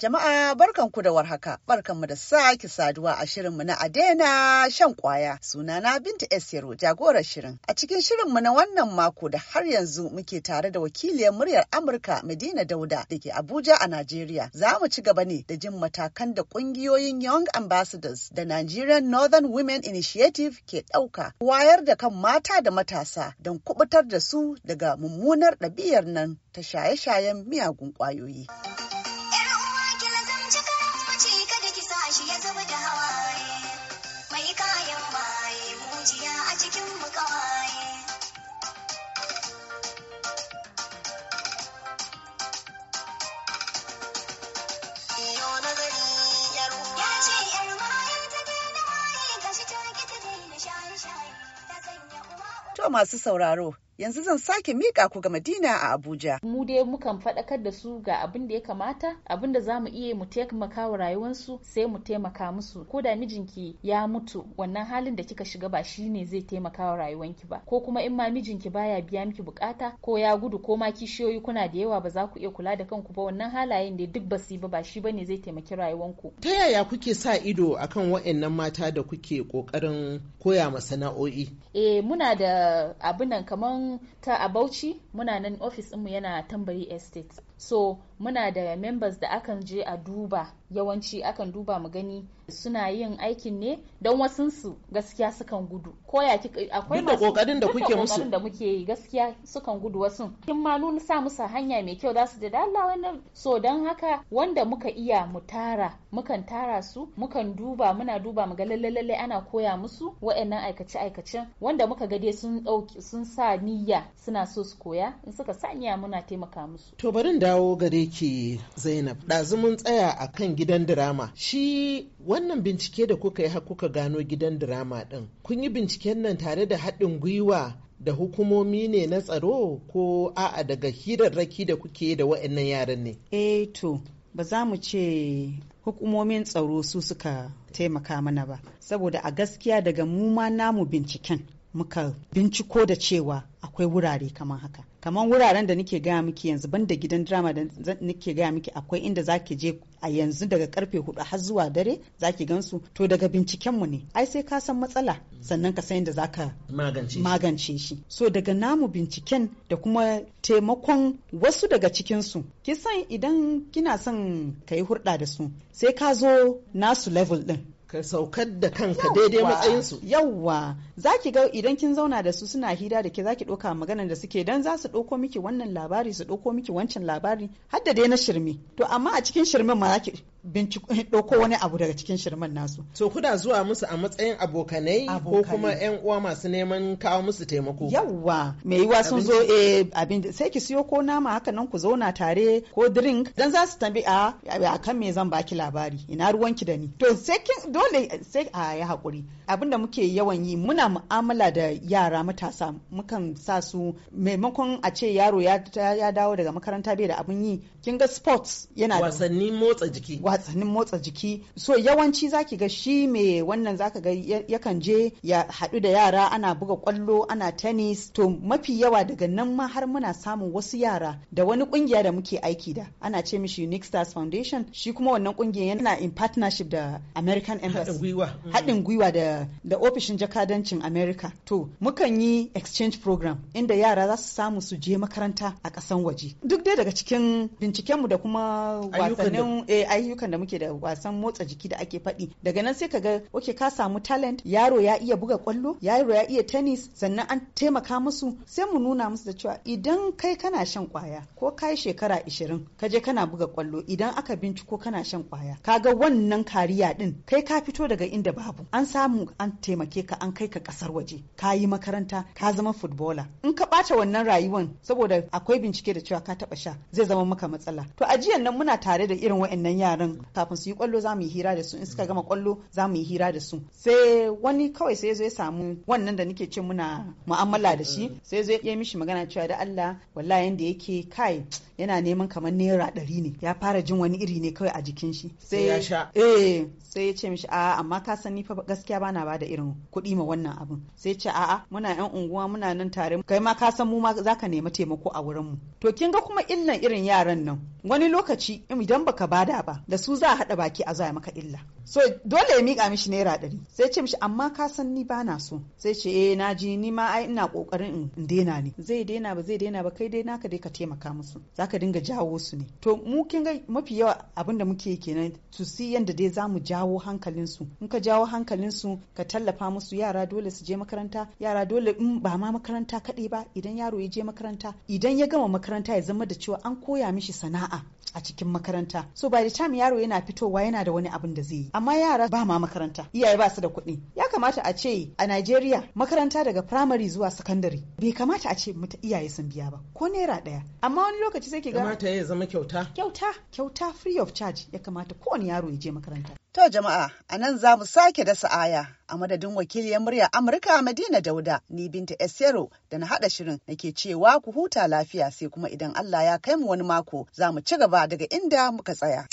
Jama'a barkanku da warhaka, barkanmu da sake saduwa a shirinmu na Adena shan kwaya. na Binta Esiro jagorar shirin. A cikin shirinmu na wannan mako da har yanzu muke tare da wakiliyar muryar Amurka Medina Dauda da ke Abuja a Najeriya. Za mu ci gaba ne da jin matakan da kungiyoyin Young Ambassadors da Nigerian Northern Women Initiative ke ɗauka wayar da kan mata da matasa don kubutar da su daga mummunar ɗabi'ar nan ta shaye-shayen miyagun ƙwayoyi. masu sauraro yanzu zan sake mika ku ga Madina a Abuja. Mu dai mukan faɗakar da su ga abin da ya kamata, abin da za mu iya mu taimaka wa rayuwarsu sai mu taimaka musu. Ko da mijinki ya mutu wannan halin da kika shiga ba shi ne zai taimaka wa rayuwanki ba. Ko kuma in ma mijinki baya biya miki bukata ko ya gudu ko ma kishiyoyi kuna da yawa ba za ku iya kula da kanku ba wannan halayen da duk basu ba ba shi bane zai taimaki rayuwanku. Ta yaya kuke sa ido akan wa'annan mata da kuke kokarin koya ma sana'o'i? Eh muna da abunan kaman ta a Bauchi muna nan ofis ɗinmu yana tambari estate so muna da members da akan je a duba yawanci akan duba mu gani suna yin aikin ne don wasunsu gaskiya sukan gudu ko ya akwai masu kokarin da kuke musu da muke yi gaskiya sukan gudu wasun kin ma nuna sa musu hanya mai kyau za su da Allah wannan so don haka wanda muka iya mu tara mukan tara su mukan duba muna duba mu ga lalle ana koya musu wayannan aikace aikacen wanda muka ga dai sun dauki sun sa niyya suna so su koya in suka sa niyya muna taimaka musu to barin da dawo gare ki Zainab. Ɗazu mun tsaya a kan gidan dirama. Shi wannan bincike da kuka yi har kuka gano gidan dirama ɗin. Kun yi binciken nan tare da haɗin gwiwa da hukumomi ne na tsaro ko a'a daga hirarraki da kuke da wa'annan yaran ne? Eh to, ba za mu ce hukumomin tsaro su suka taimaka mana ba. Saboda a gaskiya daga mu ma namu binciken muka binciko da cewa akwai wurare kamar haka. kamar wuraren da nake gaya miki yanzu banda gidan drama da nake gaya miki akwai inda zaki je a yanzu daga karfe hudu har zuwa dare zaki gansu to daga binciken mu ne ai sai ka san matsala sannan ka san yadda zaka magance shi so daga namu binciken da kuma taimakon wasu daga cikin su kisan idan kina son ka yi hurɗa da su sai ka zo nasu level din ka saukar da kanka daidai matsayinsu. Yawwa za ki ga idan kin zauna da su suna hira da ke za ki ɗauka maganar da suke dan za su ɗauko miki wannan labari su ɗauko miki wancan labari har dai na shirme. To amma a cikin shirmen ma za ki Eh, ɗauko wani abu daga cikin shirman nasu. So kuna zuwa musu a matsayin abokanai ko kuma 'yan uwa masu neman kawo musu taimako. Yawwa mai yiwa sun zo eh abin sai ki siyo ko nama haka nan ku zauna tare ko drink dan za su tambi ah, a kan me zan baki labari ina ruwanki da ni. To sai kin dole sai a ya hakuri da muke yawan yi muna mu'amala da yara matasa mukan sa su maimakon a ce yaro ya dawo daga makaranta bai da abin yi kin ga sports yana wasannin motsa jiki Watsannin motsa jiki so yawanci zaki ga shi me wannan zaka ga yakan je ya haɗu da yara ana buga kwallo ana tennis to mafi yawa daga nan ma har muna samun wasu yara da wani kungiya da muke aiki da ana ce mishi Unique Stars Foundation shi kuma wannan ƙungiya yana in partnership da American Embassy mm. haɗin gwiwa da da ofishin jakadancin America to mukan yi exchange program inda yara za su samu su je makaranta a kasan waje duk dai daga cikin bincikenmu da kuma wasannin eh, ayyukan ayyukan da muke da wasan motsa jiki da ake faɗi daga nan sai ka ga oke ka samu talent yaro ya iya buga kwallo yaro ya iya tennis sannan an taimaka musu sai mu nuna musu da cewa idan kai kana shan kwaya ko kai shekara 20 ka je kana buga kwallo idan aka binciko kana shan kwaya ka ga wannan kariya din kai ka fito daga inda babu an samu an taimake ka an kai ka kasar waje ka yi makaranta ka zama footballer in ka ɓata wannan rayuwan saboda akwai bincike da cewa ka taɓa sha zai zama maka matsala to a jiyan nan muna tare da irin wa'annan yaran kafin su yi kwallo za mu yi hira da su in suka gama kwallo za mu yi hira da su sai wani kawai sai zo ya samu wannan da nake ce muna mu'amala da shi sai zo ya mishi magana cewa da Allah wallahi yanda yake kai yana neman kamar naira ɗari ne ya fara jin wani iri ne kawai a jikin shi sai ya sha eh sai ya ce mishi a amma ka san ni fa gaskiya bana bada irin kuɗi ma wannan abin sai ce a'a muna yan unguwa muna nan tare kai ma ka san mu ma zaka nemi taimako a wurin mu to kin ga kuma illan irin yaran nan wani lokaci idan baka bada ba da su za a haɗa baki a zaya maka illa so dole ya miƙa mishi naira ɗari sai ce mishi amma ka san ni ba na so sai ce eh na ji ni ma ai ina ƙoƙarin in daina ne zai daina ba zai daina ba kai dai naka dai ka taimaka musu za ka dinga jawo su ne to mu kin ga mafi yawa abin da muke kenan to si yanda dai zamu jawo hankalin su in ka jawo hankalin su ka tallafa musu yara dole su je makaranta yara dole in ba ma makaranta kaɗai ba idan yaro ya je makaranta idan ya gama makaranta ya zama da cewa an koya mishi sana'a a cikin makaranta so by the time yaro yaro yana fitowa yana da wani abin da zai yi amma yara ba ma makaranta iyaye ba su da kuɗi ya kamata a ce a Najeriya makaranta daga primary zuwa secondary bai kamata a ce mata iyaye sun biya ba ko naira ɗaya amma wani lokaci sai ki ga kamata ya zama kyauta kyauta kyauta free of charge ya kamata kowane yaro ya je makaranta To jama'a, a nan za mu sake dasa aya a madadin wakiliyar murya Amurka Madina Dauda, ni Binta Esero da na hada shirin nake cewa ku huta lafiya sai kuma idan Allah ya kai mu wani mako za mu ci gaba daga inda muka tsaya.